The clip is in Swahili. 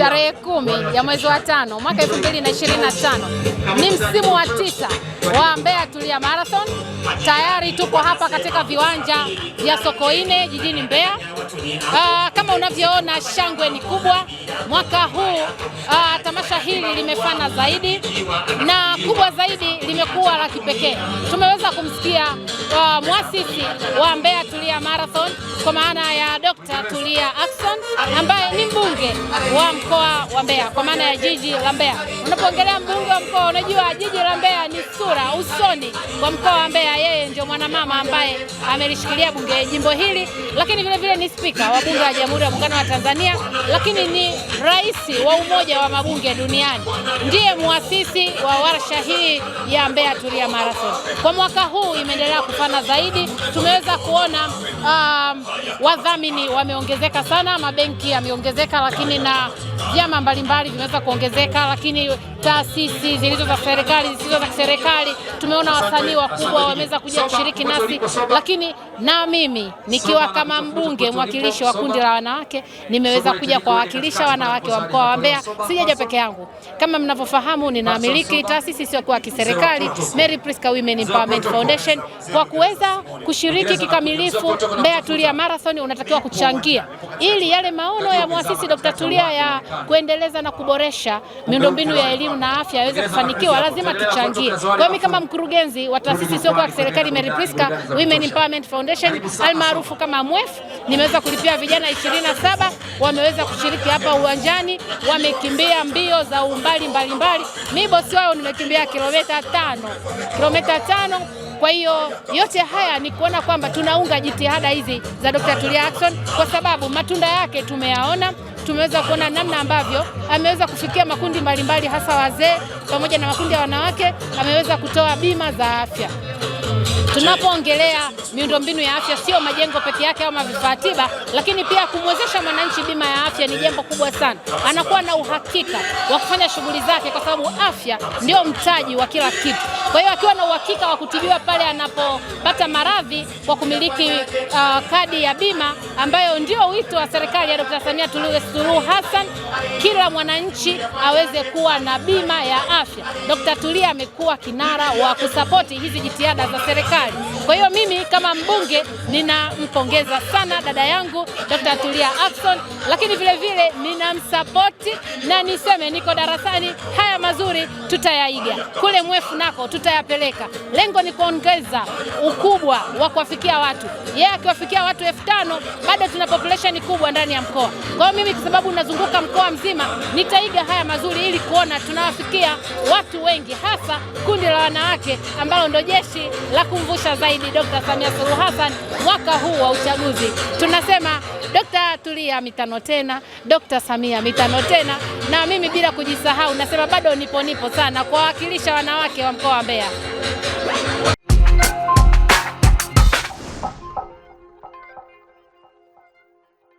tarehe kumi ya mwezi wa tano mwaka 2025 ni msimu wa tisa wa Mbeya Tulia Marathon. Tayari tuko hapa katika viwanja vya Sokoine jijini Mbeya. Uh, kama unavyoona shangwe ni kubwa mwaka huu. Uh, tamasha hili limefana zaidi na kubwa zaidi limekuwa la kipekee. Tumeweza kumsikia uh, mwasisi wa Mbeya Tulia Marathon kwa maana ya Dr. Tulia Ackson ambaye mbunge wa mkoa wa Mbeya kwa maana ya jiji la Mbeya. Unapoongelea mbunge wa mkoa, unajua jiji la Mbeya ni sura usoni wa mkoa wa Mbeya yeye ndio mwanamama ambaye amelishikilia bunge jimbo hili, lakini vile vile ni spika wa bunge la Jamhuri ya Muungano wa Tanzania, lakini ni rais wa Umoja wa Mabunge Duniani, ndiye muasisi wa warsha hii ya Mbeya Tulia Marathon. Kwa mwaka huu imeendelea kufana zaidi, tumeweza kuona um, wadhamini wameongezeka sana, mabenki yameongezeka, lakini na vyama mbalimbali vimeweza kuongezeka, lakini taasisi zilizo za serikali, zisizo za serikali. Tumeona wasanii wakubwa wameweza kuja kushiriki nasi, lakini na mimi nikiwa kama mbunge mwakilishi wa kundi la wanawake nimeweza kuja kuwawakilisha wanawake wa mkoa wa Mbeya. Sijaja peke yangu, kama mnavyofahamu, ninamiliki taasisi sio kwa kiserikali Mary Priska Women Empowerment Foundation. Kwa kuweza kushiriki kikamilifu Mbeya Tulia Marathon, unatakiwa kuchangia ili yale maono ya mwasisi Dr. Tulia ya kuendeleza na kuboresha miundombinu ya elimu elimu na afya yaweze kufanikiwa, lazima tuchangie. Kwa hiyo mimi kama mkurugenzi wa taasisi sio kwa serikali Mary Priska Women Empowerment Foundation almaarufu kama MWEF, nimeweza kulipia vijana 27 wameweza kushiriki hapa uwanjani, wamekimbia mbio za umbali mbalimbali. Mi bosi wao nimekimbia kilomita tano, kilomita tano. Kwa hiyo yote haya ni kuona kwamba tunaunga jitihada hizi za Dr. Tulia Ackson kwa sababu matunda yake tumeyaona tumeweza kuona namna ambavyo ameweza kufikia makundi mbalimbali hasa wazee pamoja na makundi ya wanawake. Ameweza kutoa bima za afya. Tunapoongelea miundombinu ya afya, sio majengo peke yake ama vifaa tiba, lakini pia kumwezesha mwananchi bima ya afya ni jambo kubwa sana. Anakuwa na uhakika wa kufanya shughuli zake, kwa sababu afya ndio mtaji wa kila kitu. Kwa hiyo akiwa na uhakika wa kutibiwa pale anapopata maradhi kwa kumiliki uh, kadi ya bima ambayo ndio wito wa serikali ya Dr. Samia Suluhu Hassan, kila mwananchi aweze kuwa na bima ya afya. Dr. Tulia amekuwa kinara wa kusapoti hizi jitihada za serikali. Kwa hiyo mimi kama mbunge ninampongeza sana dada yangu Dr. Tulia Ackson, lakini vile vile ninamsapoti na niseme niko darasani, haya mazuri tutayaiga kule mwefu nako tuta tutayapeleka. Lengo ni kuongeza ukubwa wa kuwafikia watu. Yeye yeah, akiwafikia watu elfu tano bado tuna population kubwa ndani ya mkoa. Kwa hiyo mimi kwa sababu nazunguka mkoa mzima, nitaiga haya mazuri ili kuona tunawafikia watu wengi, hasa kundi la wanawake ambalo ndo jeshi la kumvusha zaidi Dr. Samia Suluhu Hassan mwaka huu wa uchaguzi. Tunasema Dr. Tulia mitano tena, Dr. Samia mitano tena, na mimi bila kujisahau nasema bado nipo nipo sana kuwawakilisha wanawake wa mkoa wa เบียร์